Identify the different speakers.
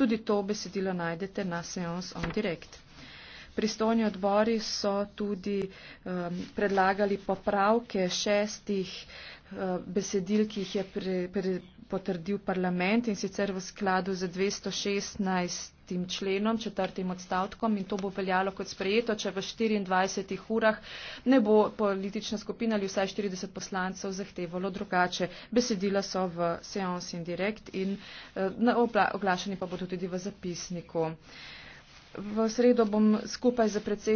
Speaker 1: Tudi to besedilo najdete na Seance on Direct. Pristojni odbori so tudi um, predlagali popravke šestih uh, besedil, ki jih je pre, pre, potrdil parlament in sicer v skladu z 216. členom, četrtim odstavkom in to bo veljalo kot sprejeto, če v 24 urah ne bo politična skupina ali vsaj 40 poslancev zahtevalo drugače. Besedila so v seans in direkt in uh, oglašeni pa bodo tudi v zapisniku. Uh, V sredo bom skupaj z predsednikom.